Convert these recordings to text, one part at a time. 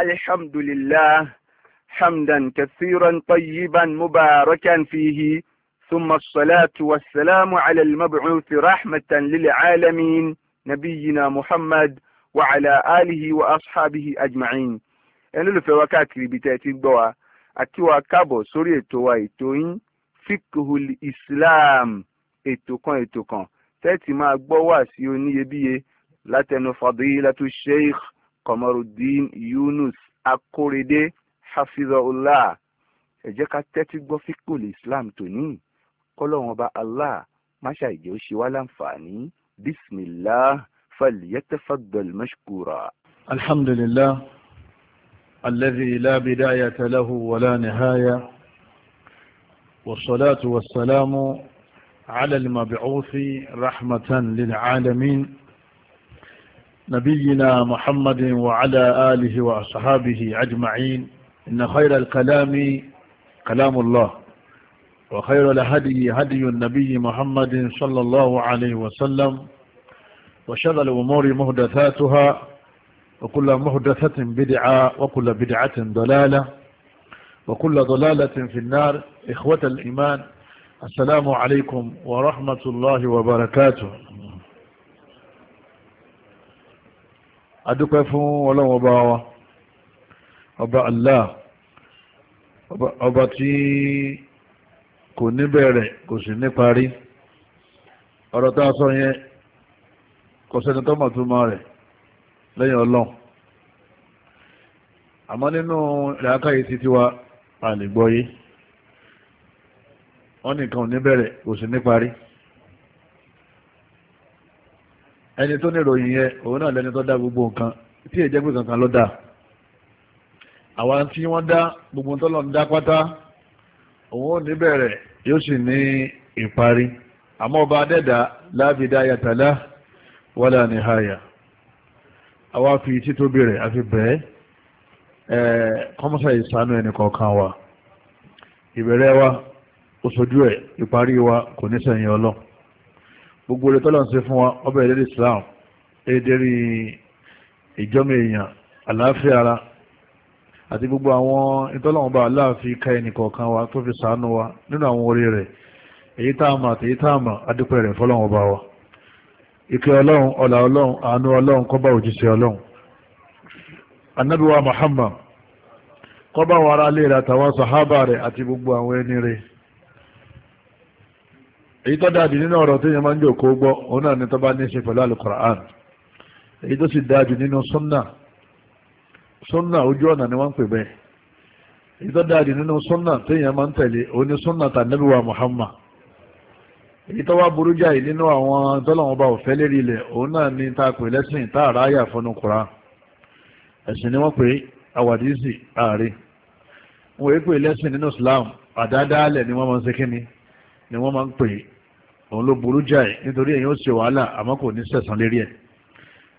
الحمد لله حمدا كثيرا طيبا مباركا فيه ثم الصلاة والسلام على المبعوث رحمة للعالمين نبينا محمد وعلى آله وأصحابه أجمعين أنا لو فوقات ربيتاتي بوا أتوا كابو سوري توي توين فقه الإسلام إتوكون إتوكون تاتي ما بوا سيوني يبيه لتنو فضيلة الشيخ Kọmọrùdín Yunus Akórèdé hafizahullah ẹ jẹ́ ká tẹ́tí gbọ́ fíkùn Islam tòní kọ́lọ́run ọba Allah máṣá ìjẹ́ ó ṣe wá láǹfààní bismillah falyatafaddal mashkura. alhamdulillah alladhi la bidayata lahu wala nihaya والصلاة والسلام على المبعوث رحمة للعالمين نبينا محمد وعلى آله وأصحابه أجمعين إن خير الكلام كلام الله وخير الهدي هدي النبي محمد صلى الله عليه وسلم وشر الأمور مهدثاتها وكل مهدثة بدعة وكل بدعة ضلالة وكل ضلالة في النار إخوة الإيمان السلام عليكم ورحمة الله وبركاته adúpẹ́ fún ọlọ́run ọba wa ọba Allah ọba tí kò ní bẹ̀rẹ̀ kò sì ní parí ọ̀rọ̀ tá a sọ yẹn kò sẹ́ni tó mọ̀ túmọ̀ rẹ̀ lẹ́yìn ọlọ́run àmọ́ nínú ìlàkàyè ti tiwa àlègbọ́yé wọ́n nìkan ò ní bẹ̀rẹ̀ kò sì ní parí. ẹni tó níròyìn yẹn òun náà lẹni tó dá gbogbo nǹkan tí èjẹ́ pé kankan ló dá àwọn tí wọ́n dá gbogbo nǹkan lọ́n dá pátá òun ò ní bẹ̀rẹ̀ yóò sì ní ìparí àmọ́ ọba adẹ́dà lábìdá yàtàlá wàlà níhàyà àwa fi títóbi rẹ̀ àfi bẹ́ẹ̀ kọ́mọ́sá ìsánú ẹnì kọ̀ọ̀kan wa ìbẹ̀rẹ̀ wa ó sojú ẹ̀ ìparí wa kò ní sẹ́yìn gbogbo olè ń fún wa ọba ìlérí islam èdèrí ìjọmọ èèyàn àlàáfíà ara àti gbogbo àwọn ìtọ́lọ̀wọ̀n ọba aláàfin ká ẹnì kọ̀ọ̀kan wa tó fi wa nínú àwọn orí rẹ̀ èyí táàmà àti èyí táàmà adúpẹ́ rẹ̀ fọ́lọ́wọ̀n wa ìkẹ́ ọlọ́run ọ̀là ọlọ́run àánú ọlọ́run ọlọ́run ará lè tàwọn sàhábà rẹ̀ gbogbo àwọn ẹni èyí tó dáadì nínú ọ̀rọ̀ tí yẹn máa ń jò kó gbọ́ òun náà ni tó bá ní ṣe pẹ̀lú alukura'an èyí tó sì dáadì nínú sunna sunna ojú ọ̀nà ni wọ́n ń pè bẹ́ẹ̀ èyí tó dáadì nínú sunna tí yẹn máa ń tẹ̀lé òun ni sunna tànàbí wa muhammad èyí tó wá burú jáì nínú àwọn tọ́lọ́wọ́n bá òfẹ́ lérí ilẹ̀ òun náà ni tá a pè lẹ́sìn tá a rà fọnù kura ẹ̀sìn ni wọ́n pè àwàdìsì ààrẹ wọ́n pè lẹ́sìn nínú islam àdádálẹ̀ ni wọ́n máa ń ṣe kíni ni wọ́n máa ń pè òun ló burú jáì nítorí èyàn ó ṣe wàhálà àmọ́ kò ní sẹ̀sán lérí ẹ̀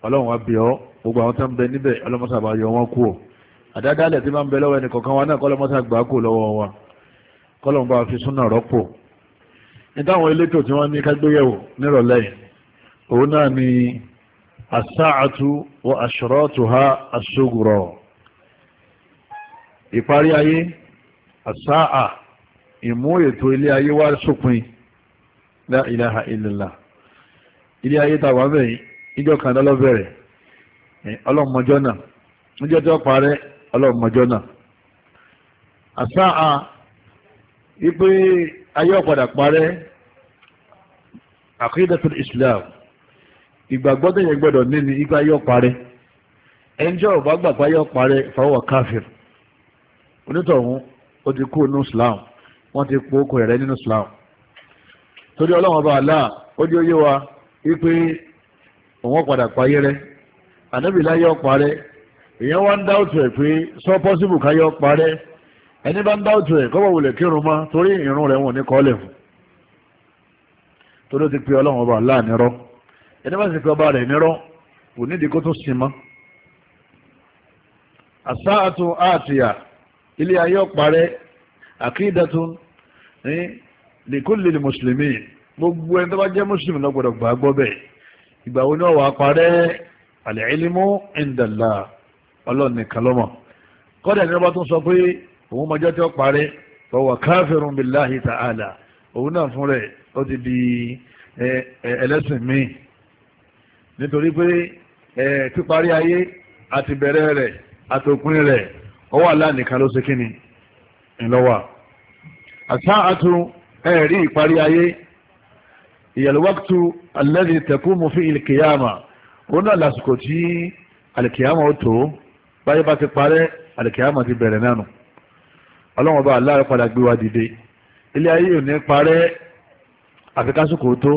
ọlọ́run wa bẹ̀ ọ́ gbogbo àwọn tó ń bẹ níbẹ̀ ọlọ́mọsá bá yọ wọn kú ọ àdádálẹ̀ tí máa ń bẹ lọ́wọ́ ẹnì kọ̀ọ̀kan wa náà kọ́lọ́mọsá gbà kú lọ́wọ́ wa kọ́lọ́mọ bá fi súnà rọ́pò nítawọn elétò tí wọ́n ní kágbéyẹ̀wò nírọ̀lẹ́ òun náà ni asáàtú wa ashratuha asógùrọ̀ ìparí ayé asáà ìmú ètò ilé ayé wa sópin la ilaha illallah ilé ayé ta wà bẹ́ẹ̀ ìjọ kan lọ́lọ́ bẹ̀rẹ̀ ọlọ́mọjọ́ náà níjọ́ tó parẹ́ ọlọ́mọjọ́ náà àsáà wípé ayé ọ̀padà parẹ́ islam ìgbàgbọ́ tó yẹ gbọ́dọ̀ ipa ayé ọ̀parẹ́ ẹnjọ́ ọ̀bá gbàgbọ́ ayé ọ̀parẹ́ onítọ̀hún ó ti kú nínú islam wọ́n ti okùn rẹ̀ torí ọlọ́run ọba àlá ó di oyé wa wípé òun padà payé rẹ ànábì láyé ọ̀pá rẹ èèyàn wá ń dá òtù ẹ̀ pé sọ pọ́sibù káyé ọ̀pá rẹ ẹni bá ń dá òtù ẹ̀ kọ́bọ̀ wulẹ̀ kírun torí rẹ̀ ọba nírọ́ ẹni bá sì ọba rẹ̀ nírọ́ kò nídìí kó tó mọ́ àtìyà ilé ayé ọ̀pá rẹ ní لكل المسلمين gbogbo ẹni tó bá jẹ́ mùsùlùmí lọ́gbọ̀dọ̀ gbà gbọ́ bẹ́ẹ̀ ìgbà wo ni wọ́n wà á parẹ́ al-ilmu indallah ọlọ́ọ̀ni kalọ́mọ̀ kọ́dà ní ọba tó sọ pé òun mọjọ́ tí ó parẹ́ fahuwa kafirun billahi ta'ala òun náà fún rẹ̀ ó ti di ẹlẹ́sìn míì nítorí pé píparí ayé àti bẹ̀rẹ̀ rẹ̀ àtòpin rẹ̀ ọwọ́ àlá nìkan ló ṣe kíni ńlọ́wà àṣà ẹ̀rí ìparí ayé ìyàlúwàkútù alẹ́ni tẹ̀kùmù fi ìlìkìyàmà ó náà lásìkò tí àlìkìyàmà ó tó báyé bá ti parẹ́ àlìkìyàmà ti bẹ̀rẹ̀ nánu ọlọ́wọ́n bá aláàrẹ padà gbé wa dìde ilé ayé ò ní parẹ́ àfi kásìkò tó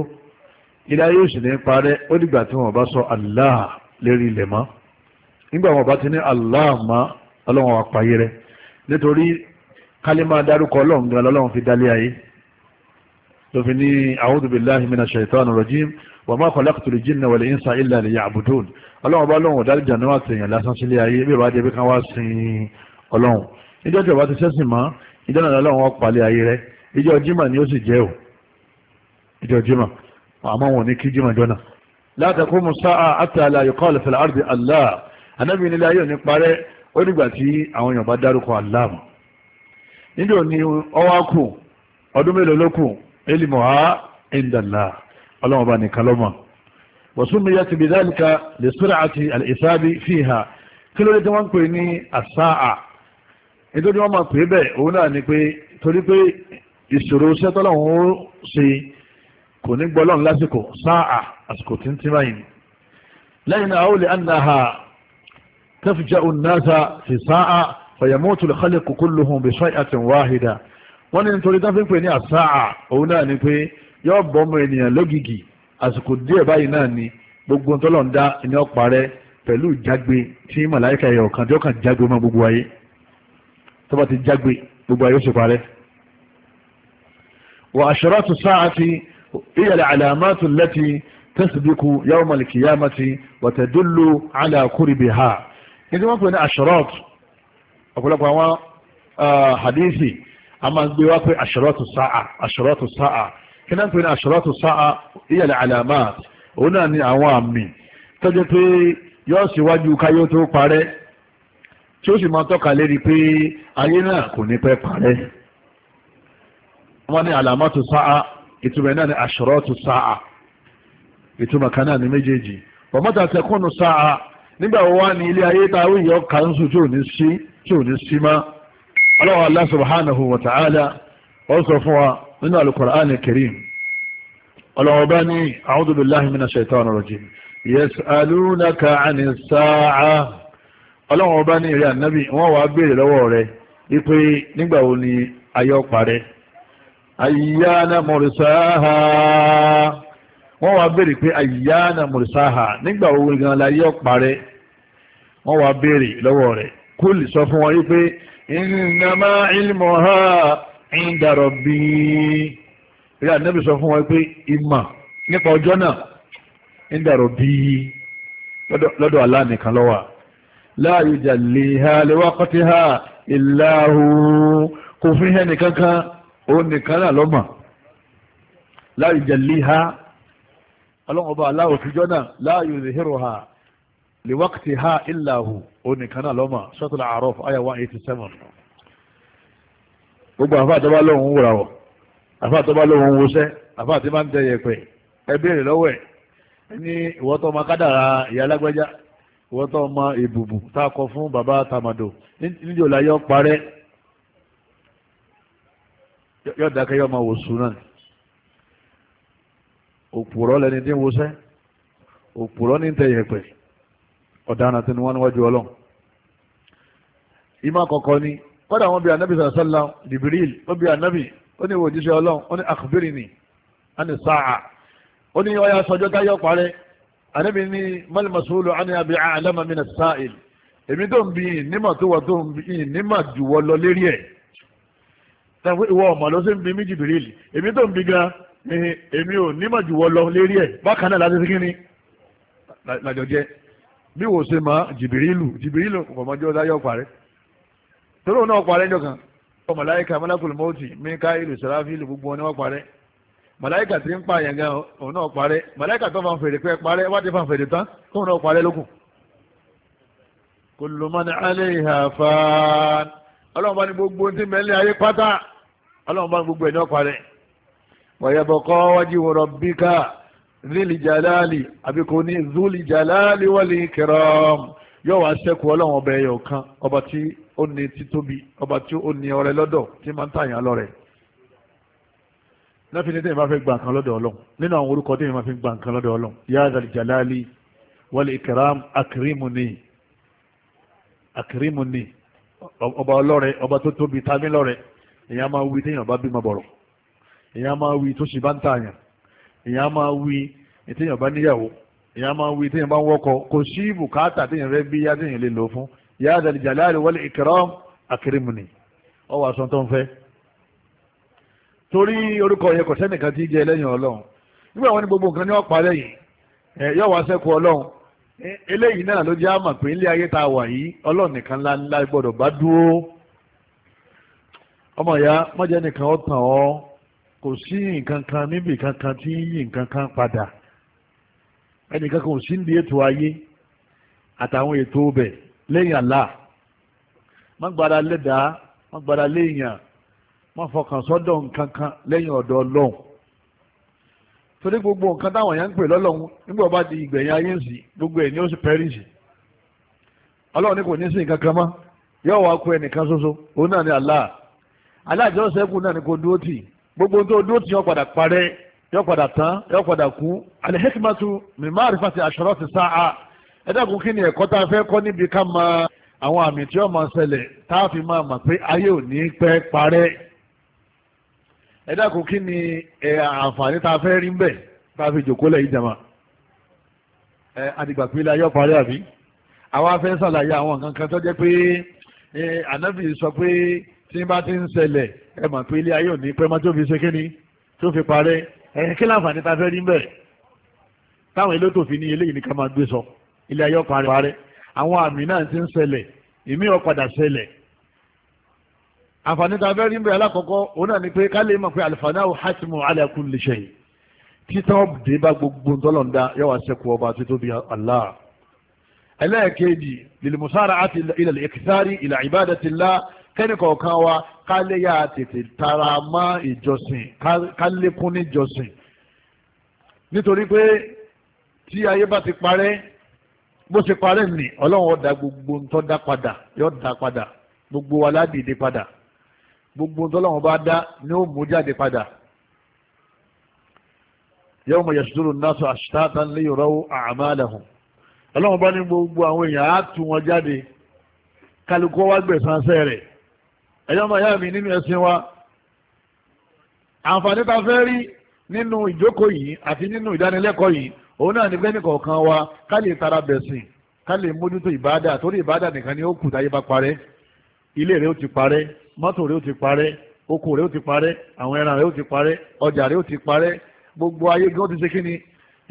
ilé ayé ò sì ní parẹ́ ó dìgbà tí wọn bá sọ Allah lérí ilẹ̀ mọ́ nígbà wọn bá ti ní Allah mọ́ ọlọ́wọ́n wa payé rẹ nítorí kálí máa dárúkọ ọlọ́run gan lọ́lọ́run fi dálé ayé ló fi ní a'udhu billahi minash shaitanir rajim wa ma khalaqtul jinna wal insa illa liya'budun ọlọ́run bá lóhun ọ̀dá ìjà náà tèèyàn lásán sílé ayé bí ìbá dé bí kan wá sin ọlọ́run ìjọ tí ọba ti sẹ́sìn mọ́ ìjọ náà lọ́wọ́ palẹ̀ ayé rẹ ìjọ jimá ni ó sì jẹ́ o ìjọ jimá àmọ́ wọn ní kí jimá jọ́nà la taqumu sa'a hatta la yuqala fil ardi Allah anábì nílé ayé òní parẹ́ ó nígbà tí àwọn èèyàn bá dárúkọ Allah mọ́ níbi òní ọwọ́ kù ọdún mélòó ló kù ilmọ̀ ha indala ọlọ́run ọba nìkan lọ́mọ wọ́súnmi yá ti bí dáríka lè sọ́rọ̀ àti àlẹ́sáàbí fi ha kí ló dé tí wọ́n ń pè ní àsáà nítorí wọ́n máa pè bẹ́ẹ̀ òun náà ni pé torí pé ìṣòro iṣẹ́ tọ́lọ́run ó ṣe kò ní gbọ́ lọ́run lásìkò sáà àsìkò tí ń tí báyìí ni lẹ́yìn náà ó lè àná ha tẹ́fìjà òun náà fi sáà fàyàmótò lè kálẹ̀ kókó lóhun bí sọ́ wọ́n ní nítorí tán fi ń pè ní àsáà òun náà ni pé yóò bọ́ ọmọ ènìyàn lógìgì àsìkò díẹ̀ báyìí náà ni gbogbo tọ́lọ̀ ń dá ní ọ̀pá rẹ pẹ̀lú ìjágbe tí màláìka ẹ̀yọ̀ ọ̀kan tí ó kàn jágbe mọ́ gbogbo ayé tó bá ti jágbe gbogbo ayé ó sì parẹ́. wà asharatu saati hiya al-alamatu allati tasbiqu yawma al-qiyamati wa tadullu a máa ń gbé wá pé àṣàrọ́tù sáà àṣàrọ́tù sáà kí náà ń pè ní àṣàrọ́tù sáà ìyàlẹ̀ alamat òun náà ni àwọn àmì tó jẹ́ pé yóò síwájú káyó tó parẹ́ tí ó sì máa tọ́ka lérí pé ayé náà kò ní pẹ́ parẹ́ wọ́n ní alamatu sáà ìtumọ̀ náà ni àṣàrọ́tù sáà ìtumọ̀ kan náà ni méjèèjì bọ̀mọ́ta tẹkùnù sáà nígbà wo wá ní ilé ayé tá a wíyọ kà ń tí ò ní sí tí ò ní sí máa ọlọ́wọ́ Allah subhanahu wa ta'ala ó sọ fún wa nínú al-Qur'an al-Karim ọlọ́wọ́ bá ní a'udhu billahi minash shaitanir rajim yas'alunaka 'ani as-sa'ah ọlọ́wọ́ bá ní ìrẹ́ ànábì wọ́n wá béèrè lọ́wọ́ rẹ̀ wípé nígbà wo ni ayé parẹ́ ayyana mursaha wọ́n wá béèrè pé ayyana mursaha nígbà wo gan la ayé parẹ́ wọ́n wá béèrè lọ́wọ́ rẹ̀ kúlì sọ fún wọn wípé ìnàmá ìlmọ̀ ha ń dàrọ̀ bí i rí ànábì sọ fún wa pé ìmọ̀ nípa ọjọ́ náà ń dàrọ̀ bí i lọ́dọ̀ Allah nìkan ló wà la yujalliha liwaqtiha illa hu kò fi hẹ́ nìkankan òun nìkan náà lọ́mọ̀ la yujalliha ọlọ́run ọba aláwọ̀ fìjọ́ náà la yuzhiruha lèwákìtì ha ìlàhù onìkan náà lọma sọ́tùlà arof àyà 187. eighty seven gbogbo àfa àtọ́bá lóhùn wúra wọ̀ àfa àtọ́bá lóhùn wọṣẹ́ àfa àti máa ń tẹ yẹpẹ ẹ béèrè lọ́wọ́ ìyá alágbẹ́já fún bàbá tamado níjò láyọ̀ parẹ́ yóò dákẹ́ wò sùn náà lẹni tí ń ní ọ̀daràn tí wọ́n níwájú ọlọ́run ìmọ̀ àkọ́kọ́ ni kọ́dà wọn bí anabi sàlá jibril ó bí anabi ó ní òjíṣẹ́ ọlọ́run ó ní akhbirni ani sáà ó ní ọyà sọjọ́ táyọ̀ parẹ́ anabi ní mal masulu ani abi alama min as-sa'il èmi tó ń bí nímọ̀ tó wà tó ń bí nímọ̀ jù wọ́ lọ lérí ẹ̀ tàbí ìwọ ọmọ ló sì ń bí mí jibril èmi tó ń bí gan èmi ò nímọ̀ jù wọ́ lọ lérí ẹ̀ bákan náà láti fi kí ni lájọ jẹ́ bí wò ṣe máa jìbìrìlù jìbìrìlù ọmọjọ́ dáyọ̀ parẹ́ tóró náà parẹ́ jọ kan ọ màláìka malakul mọ́ọ̀tì míkáìlù sàráfíìlù gbogbo ni wọ́n parẹ́ màláìka ti ń pààyàn gan òun náà parẹ́ màláìka tó fa fèrè pẹ́ parẹ́ wá ti fa fèrè tán tóun náà parẹ́ lókun. kullu man alayha fan ọlọ́run bá ní gbogbo mẹ́lẹ́ ayé pátá ọlọ́run bá gbogbo ẹ̀ zili jalali àbí kò ní zuli jalali wali kiram yóò wá sẹ́kù ọlọ́run ọba ẹyọ kan ọba tí ó ní títóbi ọba tí ó ní ọrẹ lọ́dọ̀ tí máa ń tàyàn lọ́rẹ. láti ní tẹ́yìn bá fẹ́ gba nǹkan lọ́dọ̀ ọlọ́run nínú àwọn orúkọ tẹ́yìn bá fẹ́ gba nǹkan lọ́dọ̀ ọlọ́run ya zali jalali wali kiram akirimuni akirimuni ọba ọlọ́rẹ ọba tó tóbi tami lọ́rẹ èèyàn máa wí téèyàn bá bímọ èèyàn máa wí téèyàn bá níyàwó èèyàn máa wí téèyàn bá ń wọ́kọ kò sí bùkátà téèyàn fẹ́ bí yá téèyàn lè lò fún yá dal jalali wal ikram akrimuni ọwọ́ aṣọ tó ń fẹ́. torí orúkọ yẹn kò sẹ́nìkan tí jẹ́ lẹ́yìn ọlọ́run nígbà wọn ni gbogbo nǹkan ni wọ́n parẹ́ yìí yóò wá sẹ́kù ọlọ́run eléyìí náà ló jẹ́ àmọ̀ pé ilé ayé tá wà yìí ọlọ́run nìkan ńlá ńlá gbọ́dọ̀ bá dúró ọmọ ìyá mọ́jẹ́ nìkan ó tàn ọ́ kò sí nǹkan kan níbi kankan tí ń yí nǹkan kan padà ẹnìkan kò sí ní ètò ayé àtàwọn ètò ọbẹ̀ lẹ́yìn àlá má gbára lẹ́dàá má gbára léèyàn má fọkàn sọ́dọ̀ nǹkan lẹ́yìn ọ̀dọ̀ di ayé ń gbogbo ní kò ní sí nǹkan kan yóò wá kó ẹnìkan ṣoṣo òun náà ni àlá àlá àti kù gbogbo tó dúró tí yọ padà parẹ́ yọ padà tán yọ padà kú alihekimatu mimari fati asọrọ ti sáà ẹ dákun kí ni ẹ̀kọ́ tá a fẹ́ kọ́ níbi ká máa àwọn àmì tí ọmọ ṣẹlẹ̀ tá a fi máa mọ̀ pé ayé ò ní pẹ́ parẹ́ ẹ dákun ni ẹ àǹfààní tá a fẹ́ rí mbẹ̀ tá a fi jòkó lẹ̀ yìí jama ẹ àdìgbà pé ilé ayé ọ̀parẹ́ àbí àwa fẹ́ ṣàlàyé àwọn nǹkan kan tó jẹ́ pé ẹ ànábì sọ pé tí bá ti ń ṣẹlẹ̀ ẹ mọ̀ pé ilé ayé òní pẹ́ẹ́mọ́ tó fi ṣe kíni tó fi parẹ́ ẹ̀yìn kí láǹfààní ta fẹ́ rí bẹ́ẹ̀ táwọn elétò fi ní eléyìí ní ká máa gbé sọ ilé ayé ọ̀pá parẹ́ àwọn àmì náà ti ń ṣẹlẹ̀ ìmí ọ̀padà ṣẹlẹ̀ àǹfààní ta fẹ́ rí bẹ́ẹ̀ alákọ̀ọ́kọ́ òun náà ni pé ká lè mọ̀ pé alifanahu hatimu ala kulli shay títàn dé bá gbogbo ntọ́lọ́ndá kẹ́nìkọ̀ọ̀kan wa ká lè yá tètè tara mọ́ ìjọsìn ká lékún níjọsìn nítorí pé tí ayé bá ti parẹ́ bó ṣe parẹ́ nì ọlọ́run ọ̀dà gbogbo ń da, dá padà yóò dá padà gbogbo wa ládìde padà gbogbo ń tọ́lọ́run bá dá ni ó mú jáde padà yawma yasduru an-nasu ashtatan li yuraw a'malahum ọlọ́run bá ní gbogbo àwọn èèyàn á tú wọn jáde kálukú wá gbẹ̀sánṣẹ́ rẹ̀ ẹ̀yọ́ ọmọ ìyá mi nínú ẹ̀sìn wa àǹfààní ta fẹ́ rí nínú ìjókòó yìí àti nínú ìdánilẹ́kọ̀ọ́ yìí òun náà ní fẹ́ni kọ̀ọ̀kan wa ká lè tara bẹ̀sìn ká lè mójútó ìbáadà torí ìbáadà nìkan ni ó kù táyé bá parẹ́ ilé rẹ̀ ó ti parẹ́ mọ́tò rẹ̀ ó ti parẹ́ oko rẹ̀ ó ti parẹ́ àwọn ẹran rẹ̀ ó ti parẹ́ ọjà rẹ̀ ó ti parẹ́ gbogbo ayé gan ti ṣe kí ni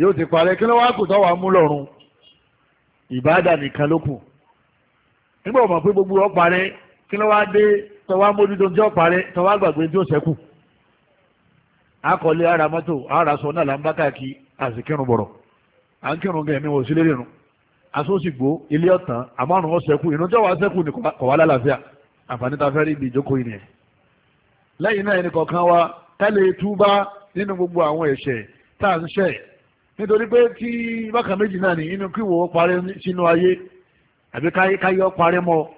yóò ti parẹ́ kí ló wá kù táwa mú lọ́rùn ìbáadà nìkan ló kù nígbà wọ́n mọ̀ pé gbogbo ọ parẹ́ kí ló wá dé tọwá mójútó tí ó parẹ́ tọwá gbàgbé tí ó ṣẹ́kù akọ̀lé ara mọ́tò ara sọ náà là ń bá káàkiri àsìkírun bọ̀rọ̀ à ń kírun gẹ̀ẹ́ ní wọ́n sílé rìnrìn asósìgbò ilé ọ̀tàn àmọ́rùn wọn ṣẹ́kù ìrún tí wọ́n ṣẹ́kù ní kọ̀wá lálàáfíà àǹfààní ta fẹ́ rí ibi ìjókòó yìí nìyẹn lẹ́yìn náà ẹnì kọ̀ọ̀kan wa tẹ́lẹ̀ túbá nínú gbogbo àwọn ẹ̀ṣẹ̀ tá à ń ṣẹ̀ nítorí pé tí bákan méjì náà ní inú kíwò parẹ́ sínú ayé àbí káyọ́ parẹ́ mọ́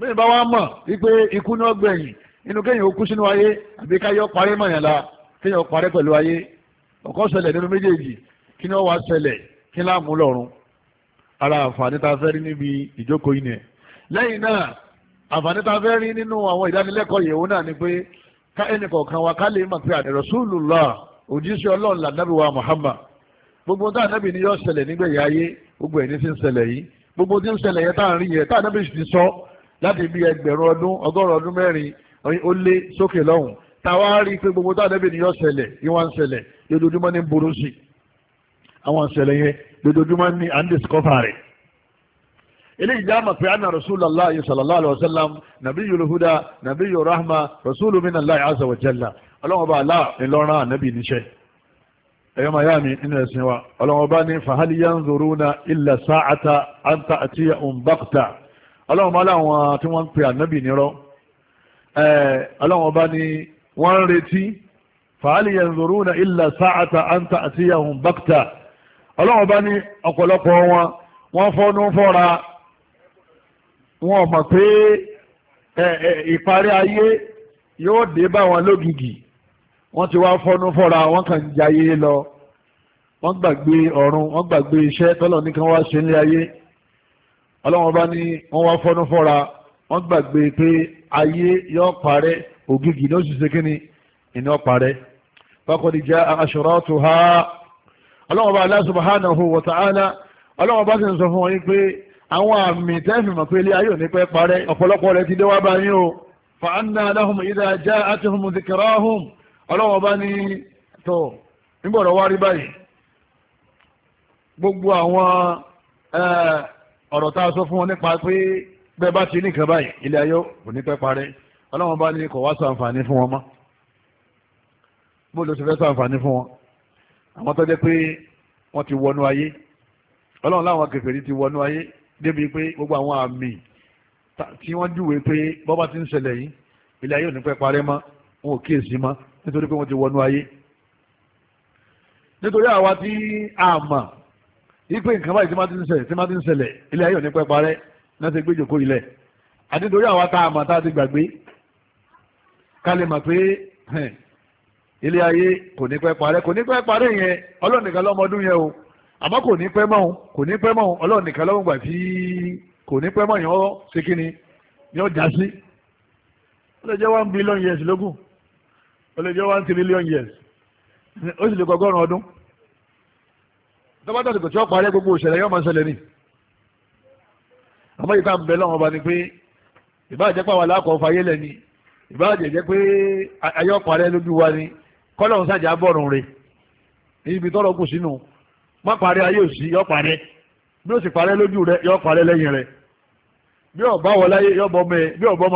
bẹ́ẹ̀ bá wá mọ̀ wípé ikú ní ọgbẹ̀yìn inú kéèyàn ó kú sínú ayé àbí káyọ̀ parẹ́ mọ̀yàn la kéèyàn parẹ́ pẹ̀lú ayé ọ̀kọ́ ṣẹlẹ̀ nínú méjèèjì kí ni wọ́n wá ṣẹlẹ̀ kí láà mú lọ́rùn ara àǹfààní tá a fẹ́ rí níbi ìjókòó yìí nẹ̀ lẹ́yìn náà àǹfààní tá fẹ́ rí nínú àwọn ìdánilẹ́kọ̀ọ́ yẹ̀wò náà ni pé ká ẹnì kọ̀ọ̀kan wa ká lè mọ̀ pé àdẹ̀rọ̀ Rasulullah òjíṣẹ́ ọlọ́run làdábì wa Muhammad gbogbo tá ànábì ni yọ ṣẹlẹ̀ ń ṣẹlẹ̀ yìí gbogbo tí ń ṣẹlẹ̀ yẹn tá à ń rí yẹn tá ànábì sọ láti bí ẹgbẹ̀rún ọdún ọgọ́rùn ọdún mẹ́rin ó lé sókè lọ́hùn táwa rí i pé gbogbo táwọn ẹbí nìyọ ṣẹlẹ̀ ìwọ̀n ṣẹlẹ̀ lójoojúmọ́ ní burú sí àwọn ṣẹlẹ̀ yẹn lójoojúmọ́ ní andiscover rẹ̀ eléyìí já mọ̀ pé anna rasulallah sallallahu alayhi wa sallam nabiyul huda nabiyur rahma rasulu minallahi azza wa jalla ọlọ́wọ́n bá aláà ńlọrọ̀ ànábì níṣẹ́ ẹ̀yọ́ màá yá mi nínú ẹ̀sìn wa ọlọ́wọ́n ní fahal yanzuruna illa sa'ata an ta'tiya um ọlọ́run bá láwọn tí wọ́n ń pe ànábì nírọ́ ọlọ́run bá ní wọ́n ń retí fàálì yanzuruna illa sáàtà àǹtà àti yahun bákítà ọlọ́run bá ní ọ̀pọ̀lọpọ̀ wọn wọ́n fọ́nú fọ́ra wọn mọ̀ pé ìparí ayé yóò dé bá wọn lógìgì wọ́n ti wá fọ́nú fọ́ra wọ́n kàn jayé lọ wọ́n gbàgbé ọ̀run wọ́n gbàgbé iṣẹ́ tọ́lọ̀ nìkan wá ṣe nílé ayé ọlọ́wọ́n bá ní wọ́n wá fọ́nú fọ́ra wọ́n gbàgbé pé ayé yóò parẹ́ ògìgì ní oṣù sekínì iná parẹ́ bákọ́ni jẹ́ ashuratuha ọlọ́wọ́n bá Allah subhanahu wa ta'ala ọlọ́wọ́n bá sì ń sọ fún wọn yín pé àwọn àmì tẹ́fì mọ̀ pé ilé ayé ò ní pẹ́ parẹ́ ọ̀pọ̀lọpọ̀ rẹ̀ ti dé bá yín o fa anna lahum idha ja'atuhum dhikrahum ọlọ́wọ́n bá ní tó nígbọ̀dọ̀ wá báyìí gbogbo àwọn ọ̀rọ̀ tá a sọ fún wọn nípa pé bẹ́ẹ̀ bá ti ní nǹkan báyìí ilé ayé kò ní pẹ́ parẹ́ ọlọ́wọ́n bá ní kò wá sàǹfààní fún wọn mọ́ bó ló ti fẹ́ sàǹfààní fún wọn àwọn tó jẹ́ pé wọ́n ti wọnú ayé ọlọ́run láwọn kèfèrí ti wọnú ayé débi pé gbogbo àwọn àmì tí wọ́n júwe pé bọ́bá ti ń ṣẹlẹ̀ yìí ilé ayé ò ní pẹ́ parẹ́ mọ́ wọn ò kíyèsí mọ́ nítorí pé wọ́n ti wọnú ayé nítorí àwa tí a mọ̀ ipe nǹkan báyìí tí máa ti ń ṣẹlẹ̀ tí máa ti ń ṣẹlẹ̀ ilé ayé òní pẹ́ parẹ́ náà ti gbé jòkó ilẹ̀ àti nítorí àwa tá a mọ̀ tá a ti gbàgbé ká lè mọ̀ pé ilé ayé kò ní pẹ́ parẹ́ kò ní pẹ́ parẹ́ yẹn ọlọ́run nìkan lọ́mọ ọdún yẹn o àmọ́ kò ní pẹ́ mọ́ o kò ní pẹ́ mọ́ o ọlọ́run nìkan lọ́mọ gbà tí kò ní pẹ́ mọ́ yẹn ó ṣe kí ni yẹn ó já sí ó lè jẹ́ one billion years lógún ó lè jẹ́ one trillion years ó sì lè kọ́ ọgọ́rùn-ún ọdún. tọ́ba dàdùkù tí wọ́n parí gbogbo òṣèlè yóò máa ṣẹlẹ̀ ni àmọ́ ìta ń bẹ ọba ni pé ìbáàjẹ́ pàwọn aláàkọ́ fayé lẹ́ni ìbáàjẹ́ jẹ́ pé ayé ọ̀pọ̀ alẹ́ lójú wa ni kọ́lọ́hún sàjà bọ̀rùn rẹ̀ ibi kù sínú má parí yọ bí ó sì lójú rẹ̀ yọ parẹ́ lẹ́yìn rẹ̀ bí ọba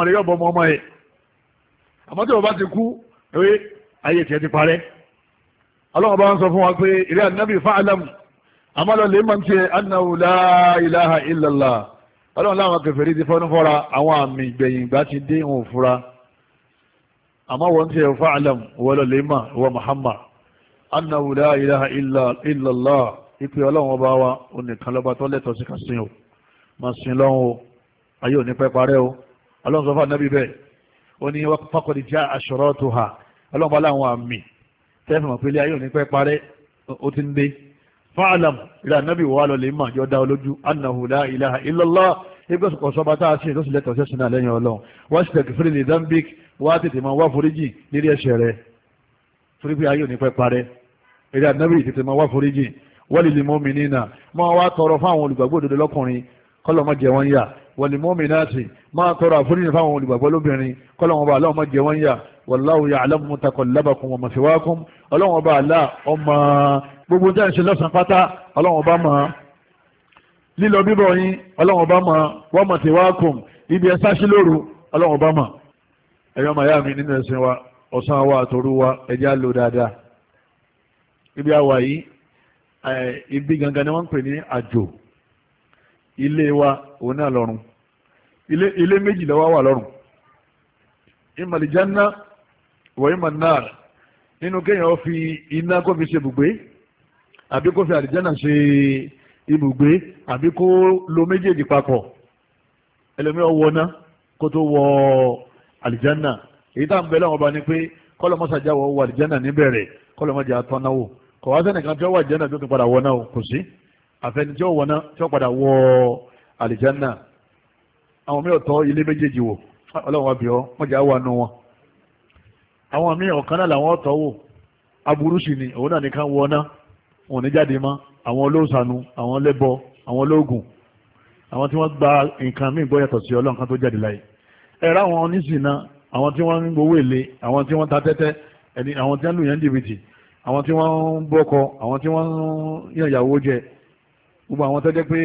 ọmọ rẹ àmọ́lọ lè máa ń tiẹ̀ annahu la ilaha illallah ọlọ́run láwọn kèfèrí ti fọ́nú fọ́ra àwọn àmì ìgbẹ̀yìn ìgbà ti dé òun fura àmọ́ wọ́n ti ẹ̀fọ́ alam wọ́lọ lè máa wọ Muhammad annahu la ilaha illallah ipe ọlọ́run ọba wa onìkan lọ́ba tó lẹ́tọ̀ọ́ sí kàsín o máa sin lọ́hùn o ayé òní pẹ́ parẹ́ o ọlọ́run sọ fún anábì bẹ́ẹ̀ ó ní faqad jaa asharatuha ọlọ́run bá láwọn àmì tẹ́fì mọ̀ pé ilé ayé òní pẹ́ parẹ́ ó ti ń dé fa'alam ilẹ̀ anabi wa lọ lè máa jọ dá olójú annahu la ilaha illallah ẹgbẹ́ sọ̀kọ̀ sọba tá a ṣe ìtọ́sí lẹ́tọ̀ ṣẹ́sìn náà lẹ́yìn ọlọ́run wá sí tẹ̀kífìrì ní dambik wá tètè máa wá foríjì lérí ẹ̀ṣẹ̀ rẹ̀ torí pé ayé ò ní pẹ́ parẹ́ ilẹ̀ anabi tètè máa wá foríjì wọ́n lè mọ́ mi nínà máa wá tọrọ fáwọn olùgbàgbọ́ òdodo lọ́kùnrin kọ́lọ́ má jẹ wọ́n yà wọ́n lè mọ́ mi náà sì máa tọrọ àforíjì fáwọn olùgbàgbọ́ lóbìnrin kọ́lọ́ wọn bá aláwọ̀ má jẹ wọ́n yà wallahu ya'lamu mutaqallabakum wa mathwaakum ọlọ́run ọba àlá ọmọ gbogbo jẹ́ ìṣe lọ́sàn pátá ọlọ́run ọba mọ̀ lílọ bíbọ̀ yín ọlọ́run ọba mọ̀ wa mathwaakum ibi ẹ̀ sáṣí lóru ọlọ́run ọba mọ̀ ẹ̀yọ́ màyá mi nínú ẹ̀sìn wa ọ̀sán wa àtòru wa ẹ̀já lò dáadáa ibi àwà yìí ibi gangan ni wọ́n ń pè ní àjò ilé wa òun náà lọ́run ilé méjì ló wà wà lọ́run wọ̀nyí mà náà nínú kéèyàn fi iná kó fi ṣe ibùgbé àbí kó fi àlìjánà ṣe ibùgbé àbí kó lo méjèèjì papọ̀ ẹlòmíràn wọ ná kó tó wọ àlìjánà èyí tá à ń bẹ láwọn ọba ni pé kọlọmọsàjà wọ wọ àlìjánà níbẹ̀rẹ̀ kọlọmọjà tọ́náwó kò wá sẹ́nìkan tí ó wà àlìjánà tó ti padà wọ náà kò sí àfẹni tí ó wọ náà tí ó padà wọ àlìjánà àwọn mìíràn tọ́ ilé méjèèjì wò ọlọ́run wa bì ọ́ mọ̀jà wà nù wọn àwọn míì ọ̀kan náà làwọn tọ́wò aburú sì ni òun náà nìkan wọ ọ́ná òun ní jáde mọ́ àwọn olóòsànù àwọn lẹ́bọ àwọn olóògùn àwọn tí wọ́n gba nǹkan míì gbọ́ yàtọ̀ sí ọlọ́run kan tó jáde láyé ẹ̀rọ àwọn oníṣìnà àwọn tí wọ́n ń gbowó èlé àwọn tí wọ́n ta tẹ́tẹ́ ẹni àwọn tí wọ́n lù yẹn jìbìtì àwọn tí wọ́n ń bọ́kọ àwọn tí wọ́n ń yàn ìyàwó jẹ gbogbo àwọn tẹ́jẹ́ pé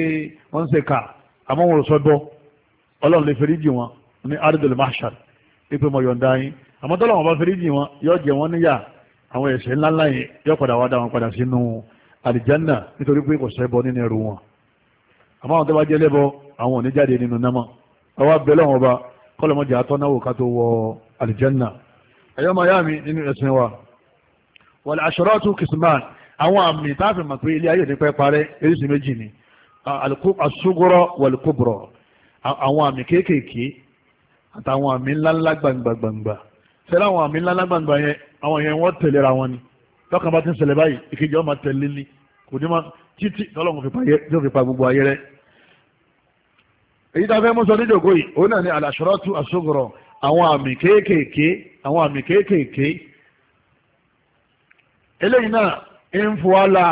wọ́n ń ṣe kà àmọ́ wọn ò sọ bọ́ ọlọ́run lè feríjì wọn ní ardul mahshar ipe mọ̀ yọ̀ǹda yín àmọ́ tọ́lọ̀ wọn bá fẹ́rí jì wọn yọ jẹ wọn níyà àwọn ẹ̀ṣẹ̀ ńláńlá yẹn yọ padà wá dá wọn padà sínú àlìjánà nítorí pé kò sẹ́bọ nínú ẹrù wọn àmọ́ àwọn tó bá jẹ́ lẹ́bọ àwọn ò ní jáde nínú námọ́ ọwọ́ abẹ́ lọ́wọ́ ọba kọ́lọ́mọdé atọ́náwó ká tó wọ àlìjánà ẹ̀yọ́ máa yá mi nínú ẹ̀sìn wa wàlẹ̀ àṣọ́rọ́tù kìsìmán àwọn àmì táàfin mọ̀ pé ilé ayé ní pẹ́ eréṣin méjì ni àṣùgọ́rọ̀ wàlẹ̀ kóbọ̀rọ̀ àwọn àmì kéékèèké àtàwọn àmì ńláńlá gbàǹgbàǹgbà ṣẹlẹ̀ àwọn àmì ńláńlá gbàǹgbà yẹn àwọn yẹn wọ́n tẹ̀léra wọn ni lọ́kàn bá ti ń ṣẹlẹ̀ báyìí ìkejì ọmọ tẹ̀lé ni kò ní máa títí tọ́lọ́run fi pa gbogbo ayé rẹ. èyí tá a fẹ́ mú sọ níjòkó yìí òun náà ni al-asharatu as-sughra àwọn àmì kéékèèké àwọn àmì kéékèèké eléyìí náà ń fò wá la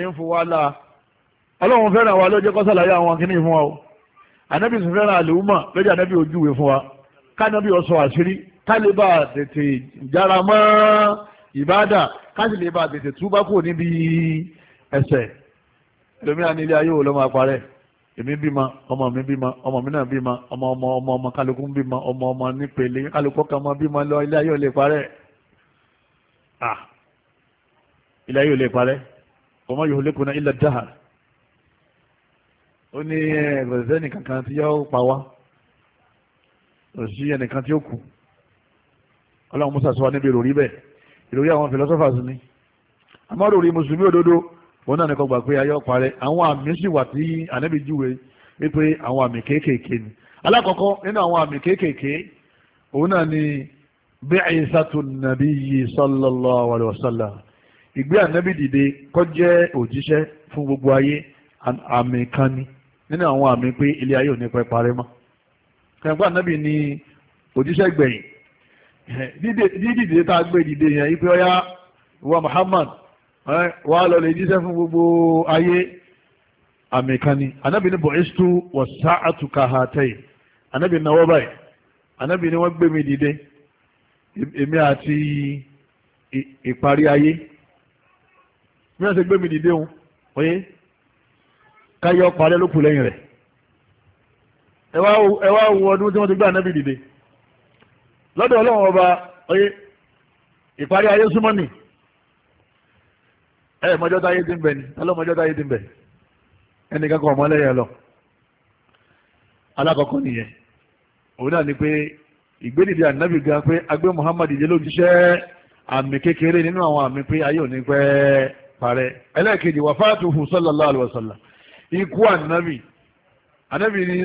ń fò wá la ọlọ́run fẹ́ràn wa ló jẹ́ kọ́sàlàyé àwọn akíní fún wa o ànábì sì fẹ́ràn àlèhùmọ̀ lójú ànábì ojúwe fún wa kánábì ọsọ àṣírí kálíbà tètè jára mọ́ ìbáàdà kásìlèbà tètè túbá kò níbi ẹsẹ̀ ẹlòmíà ní ilé ayé wo ló máa parẹ́ èmi bímọ ọmọ mi bímọ ọmọ mi náà bímọ ọmọ ọmọ ọmọ ọmọ kálukú bímọ ọmọ ọmọ nípele kálukú kan mọ bímọ lọ ilé ayé ò lè parẹ́ ah ilé ayé ò lè parẹ́ ọmọ yòó lékun náà ilẹ̀ ó ní eh, ẹ̀rọ̀sẹ́ nìkankan tí yóò pa wá òsì ẹnìkan tí ó kù ọlọ́run musa sọ wa níbi ìròrí bẹ́ẹ̀ ìròrí àwọn philosophers ni àmọ́ ìròrí mùsùlùmí òdodo òun náà nìkan gbà pé ayọ́ parẹ́ àwọn àmì sì wà tí ànábì júwe wípé àwọn àmì kéékèèké ni alákọ̀ọ́kọ́ nínú àwọn àmì kéékèèké òun náà ni bi'isatu nàbí sallallahu alaihi wasallam ìgbé ànábì dìde kó jẹ́ òjíṣẹ́ fún gbogbo ayé àmì kan ni nínú àwọn àmì pé ilé ayé ò ní pẹ́ parẹ́ mọ́ kẹ̀kọ́ ànábì ni òjíṣẹ́ gbẹ̀yìn dídìde tá a gbé dìde yẹn ipe ọ̀yá wa Muhammad wa lọ lè jíṣẹ́ fún gbogbo ayé àmì kan ni ànábì ni bu'istu wa sa'atu kahatayn ànábì náwó báyìí ànábì ni wọ́n gbé mi dìde èmi àti ìparí ayé bí wọ́n ṣe gbé mi dìde òun oyé káyọ parẹ́ ló kù lẹ́yìn rẹ̀ ẹ wá wo ọdún tí wọ́n ti gbà nábì dìde lọ́dọ̀ ọlọ́run ọba oyè ìparí ayé súnmọ́ nì ẹ mọjọ́ ayé ti ń bẹ̀ ni ọlọ́mọjọ́ táyé ti ń bẹ̀ ẹnìkan kan ọmọ lẹ́yìn lọ alákọ̀ọ́kọ́ nìyẹn òun náà ni pé ìgbédìde ànábì gan pé agbé Muhammad ìdílé lójúṣẹ́ àmì kékeré nínú àwọn àmì pé ayé òní pẹ́ parẹ́ ẹlẹ́ẹ̀kejì ikú ànábì ànábì ni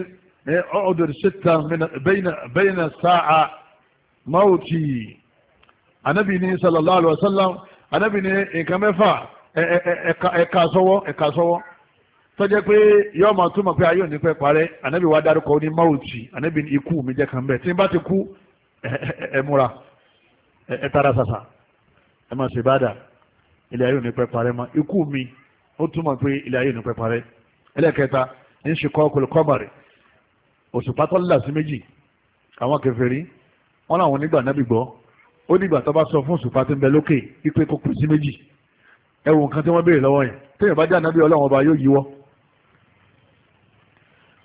ọdún ṣètà bẹ́yìnà sáà máwùtì ànábì ni sallallahu alayhi wa sallam ànábì ni nǹkan mẹ́fà ẹ̀ka sọ́wọ́ ẹ̀ka sọ́wọ́ tọ́jẹ́ pé yọ́ máa túmọ̀ pé ayé òní pẹ́ parẹ́ ànábì wa dárúkọ ní máwùtì ànábì ni ikú mi jẹ́ kan bẹ́ẹ̀ tí n bá ti kú ẹ múra ẹ tara sàṣà ẹ máa ṣe bá dà ilé ayé òní pẹ́ parẹ́ mọ́ ikú mi ó túmọ̀ pé ilé ayé òní pẹ́ parẹ́ ẹlẹ́kẹta ń ṣe kọ́ọ̀kù kọ́mọ̀rì òṣùpá tó là sí méjì àwọn kèfèrí wọn làwọn onígbà nábì gbọ́ ó nígbà tó bá sọ fún òṣùpá tó ń bẹ lókè ipe kò kù sí méjì ẹwù nǹkan tí wọ́n béèrè lọ́wọ́ yẹn téèyàn bá jẹ́ ànábì ọlọ́run ọba yóò yíwọ́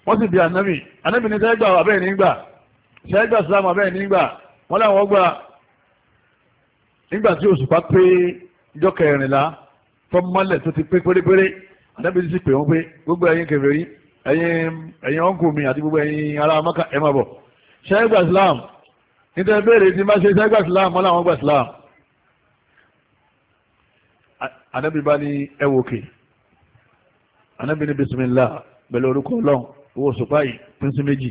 wọ́n sì bí ànábì ànábì ní sẹ́gbà abẹ́ nígbà sẹ́gbà sàmù abẹ́ nígbà wọ́n làwọn gbà nígbà tí òṣùpá pé ìjọ kẹrìnlá tó mọ́lẹ̀ tó ti pé pérépéré ànábì sì pè wọ́n pé gbogbo ẹ̀yin kèfèrí ẹ̀yin ọ̀nkù mi àti gbogbo ẹ̀yin ará maka ẹ̀ máa bọ̀ ṣẹ́gbà islam nítorí béèrè tí má ṣe ṣẹ́gbà islam wọ́n làwọn gbà islam ànábì bá ní ẹwọ òkè ànábì ní bisimilá pẹ̀lú orúkọ ọlọ́run owó òṣùpá yìí pínsí méjì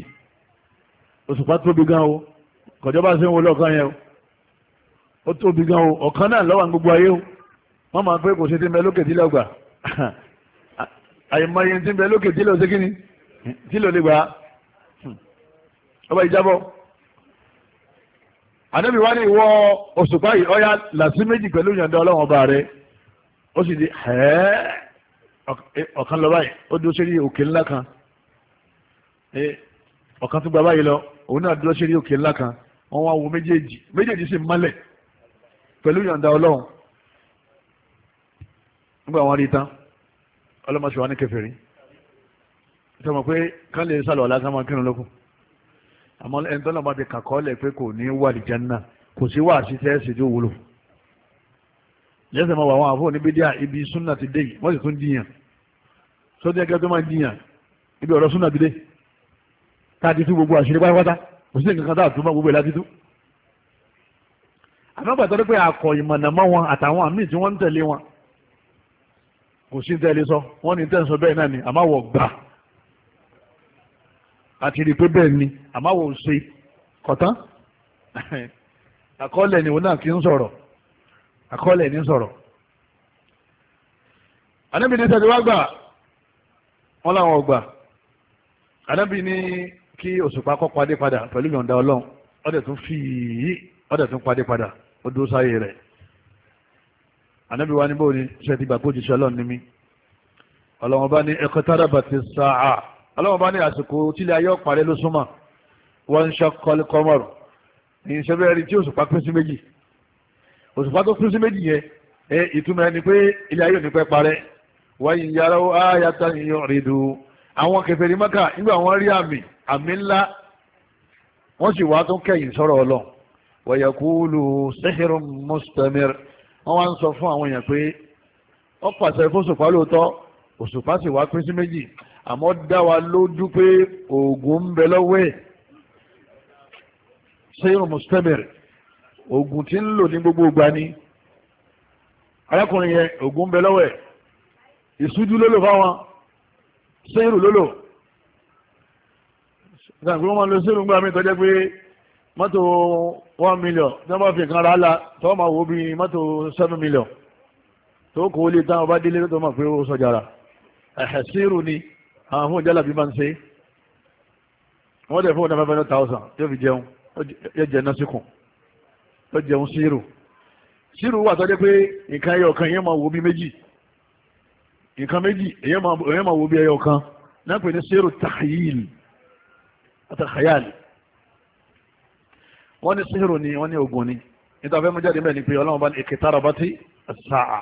òṣùpá tóbi gan o kọjọba ṣe ń wọlé ọ̀kan yẹn o ó tóbi gan o ọ̀kan náà lọ́wọ́ gbogbo ayé o wọ́n máa pé kò ṣe ti mẹ́ lókè tí lọ́gbà àyèmáyé ti ń bẹ lókè tí lọ sí ni tí lọ lè gbà á ọba ìjábọ̀ ànábì wá ní ìwọ òṣùpá yìí ọyá làásì méjì pẹ̀lú ìyàndá ọlọ́run ọba rẹ ó sì di ẹ̀ẹ́ ọ̀kan lọ báyìí ó dúró sí òkè ńlá kan ọ̀kan tó gba báyìí lọ òun náà dúró sí òkè ńlá kan wọ́n wá wo méjèèjì méjèèjì sì mọ́lẹ̀ pẹ̀lú ìyàndá ọlọ́run nígbà wọn rí tán ọlọ́mọṣù wa ní kẹfẹ́rí sọmọ pé kán lè sálọ ọ̀la sáwọn kírun lókun àmọ́ ẹni tọ́lọ́ bá ti kàkọ́ọ́lẹ̀ pé kò ní wà lìjẹ́ náà kò sí wà sí tẹ́ẹ̀sì tó wúlò lẹ́sẹ̀ mọ́ àwọn àfọ́ níbi díà ibi súnà ti dé yìí wọ́n sì tún dìyàn sódì ẹgbẹ́ tó máa dìyàn ibi ọ̀rọ̀ súnà ti dé káàdì tú gbogbo àṣírí pátápátá kò sí nǹkan tá a tún mọ́ gbogbo ẹ̀ láti tú. àmọ́ gbàtọ́ pé akọ̀ ìmọ̀nà wọn àtàwọn àmì tí wọ́n ń tẹ̀lé wọn kò sí tẹ́lẹ̀ sọ wọ́n ní tẹ́sán bẹ́ẹ̀ náà ni àmáwọ̀ gbà àti rí pé bẹ́ẹ̀ ni àmáwọ̀ ṣe kọ̀tán àkọọ́lẹ̀ ni òun náà kì í sọ̀rọ̀ àkọọ́lẹ̀ ni sọ̀rọ̀ anábì ní sẹ́ni wá gbà wọ́n làwọn ọgbà anábì ní kí òṣùpá kọ́ padé padà pẹ̀lú ìyọ̀ǹda ọlọ́run ọ̀dẹ̀ tún fi yìí ọ̀dẹ̀ tún padé padà ó dúró sáyé rẹ̀ ànábì wa níbò ni ṣe ti gbàgbó jíṣẹ́ ọlọ́run ní mi ọlọ́run bá ní iqtarabat as-sa'a ọlọ́run bá ní àsìkò tílé ayé ọ̀pàdé ló súnmọ́ wọ́n shaqqal qamar ní ìṣẹ́bẹ̀ rí tí òṣùpá pín sí méjì òṣùpá tó pín sí méjì yẹn ẹ ìtumọ̀ ẹni pé ilé ayé ò ní pẹ́ parẹ́ wa in yaraw ayatan yuridu àwọn kèfèrí Mákà nígbà wọ́n rí àmì àmì ńlá wọ́n sì wá tó kẹ́yìn sọ́rọ̀ ọlọ́run wa yaqulu sihrun mustamir wọ́n wá ń sọ fún àwọn èèyàn pé ó pàṣẹ fún òṣùpá lóòótọ́ òṣùpá sì wá pín sí méjì àmọ́ dá wa lójú pé oògùn ń bẹ lọ́wọ́ ẹ̀ sẹ́yìn mùsùlùmí oògùn tí ń lò ní gbogbo ìgbà ni arákùnrin yẹn oògùn ń bẹ lọ́wọ́ ẹ̀ ìṣújú ló fáwọn sẹ́yìn ló lò máa ń lo sẹ́yìn gbà mí tọ́jú pé mọ́tò one million tí wọ́n bá fi kan ra la tí wọ́n máa wo bí mọ́tò seven million tó kò lè tán ọba délé tó máa fi owó sọjà ra ẹ̀hẹ̀ sírù ni àwọn fún ìjálà bí máa ń ṣe wọ́n dẹ̀ fún ọ̀nà five hundred thousand tó fi jẹun yẹ jẹ náà síkùn tó jẹun sírù sírù wà tọ́jú pé nǹkan ẹyọ kan èèyàn máa wo bí méjì nǹkan méjì èèyàn máa wo bí ẹyọ kan náà pè ní sírù tàkàyìlì àtàkàyàlì wọ́n ní síhìrù ni wọ́n ní ogun ni níta fẹ́ mú jáde mẹ́rin pé ọlọ́run bá ní ìkẹta rọ̀bá tí ṣáà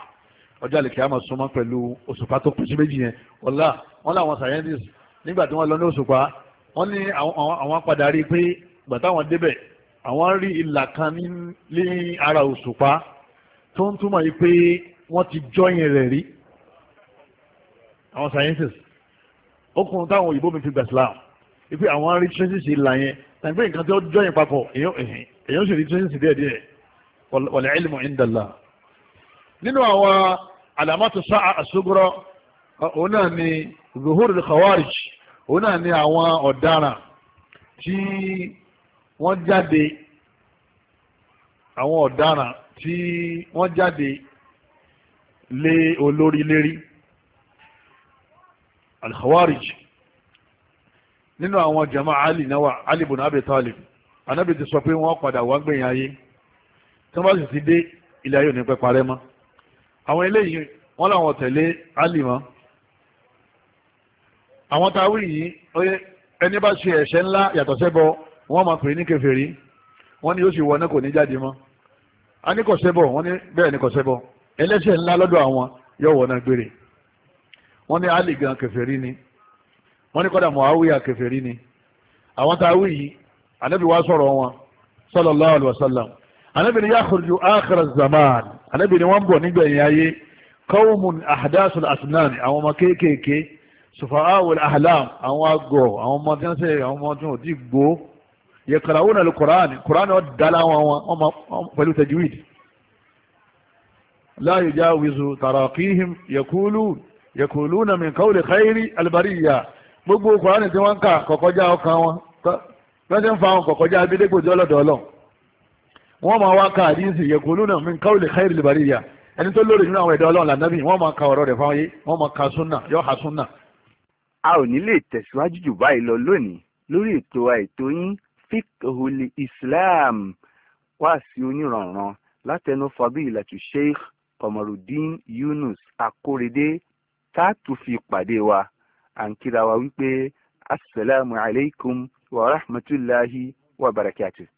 ọjọ́ àlèkè àmọ̀ súnmọ́ pẹ̀lú òṣùpá tó pèsè méjì yẹn ọ̀la wọ́n láwọn scientist nígbà tí wọ́n lọ ní òṣùpá wọ́n ní àwọn padà rí i pé ìgbà táwọn débẹ̀ àwọn rí ìlà kan ní ara òṣùpá tó ń túmọ̀ yìí pé wọ́n ti jọyìn rẹ̀ rí àwọn scientist ó kún táwọn òyìnbó mi fi gbà sílámù wípé àwọn rí traces ìlà yẹn tàbí nǹkan tí ó jọyìn papọ̀ èyàn sì rí tí ó ń sì díẹ̀ díẹ̀ wàlẹ̀ ilmu indala nínú àwọn alamatu sa'a asugurọ òun náà ni zuhur khawarij òun náà ni àwọn ọ̀daràn tí wọ́n jáde àwọn ọ̀daràn tí wọ́n jáde lé olórí lérí al nínú àwọn jama ali náwà ali bùnà abi talib anabi ti sọ pé wọ́n padà wá gbẹ̀yìn ayé tí wọ́n bá sì ti dé ilé ayé òní pẹ́ parẹ́ mọ́ àwọn eléyìí wọ́n làwọn tẹ̀lé ali mọ́ àwọn tá a wí yìí ẹni bá ṣe ẹ̀ṣẹ̀ ńlá yàtọ̀ sẹ́bọ wọ́n máa pè ní kèfèrí wọ́n ní yóò sì wọ ní kò ní jáde mọ́ a ní kò sẹ́bọ wọ́n ní bẹ́ẹ̀ ní kò ńlá lọ́dọ̀ àwọn yóò wọ náà gbére wọ́n ní ali gan kèfèrí ni wọ́n ní kọ́dà Muawiya kèfèrí ni àwọn tá a wí yìí anabi wa sọ̀rọ̀ wọn sallallahu alayhi wa sallam anabi ni yakhruju akhir zaman anabi ni wọ́n bọ̀ nígbẹ̀yìn ayé qawmun ahdasul asnan àwọn ọmọ kéékèèké sufa'awul ahlam àwọn agọ̀ àwọn ọmọ tí wọ́n sẹ́yìn àwọn ọmọ tí wọ́n ti gbó yaqra'una al-Qur'an Qur'an ọ̀ dala wọn wọn pẹ̀lú tajwid la yujawizu taraqihim yaqulun yaquluna min qawli khayri al-bariyya gbogbo kòránì tí wọ́n ń kà kọ̀kọ́já ọkàn wọn wọ́n ti ń fa àwọn kọ̀kọ́já abídégbò tí ọlọ́dọ̀ ọlọ́ wọ́n máa wá ka àdínsì yaquluna min qawli khayril bariyya ẹni tó lórí nínú àwọn ẹ̀dọ́ ọlọ́run lànàbí wọ́n máa ka ọ̀rọ̀ rẹ̀ fáwọn yé wọ́n máa ka súnà yọ ha súnà. a ò ní lè tẹ̀síwájú jù báyìí lọ lónìí lórí ètò àìtó yín fiqhul islam wá sí onírànran látẹnu fadilatu sheikh Kọmọrùdín Yunus Akórèdé tá a tún fi pàdé wa عن كذا ووبي السلام عليكم ورحمة الله وبركاته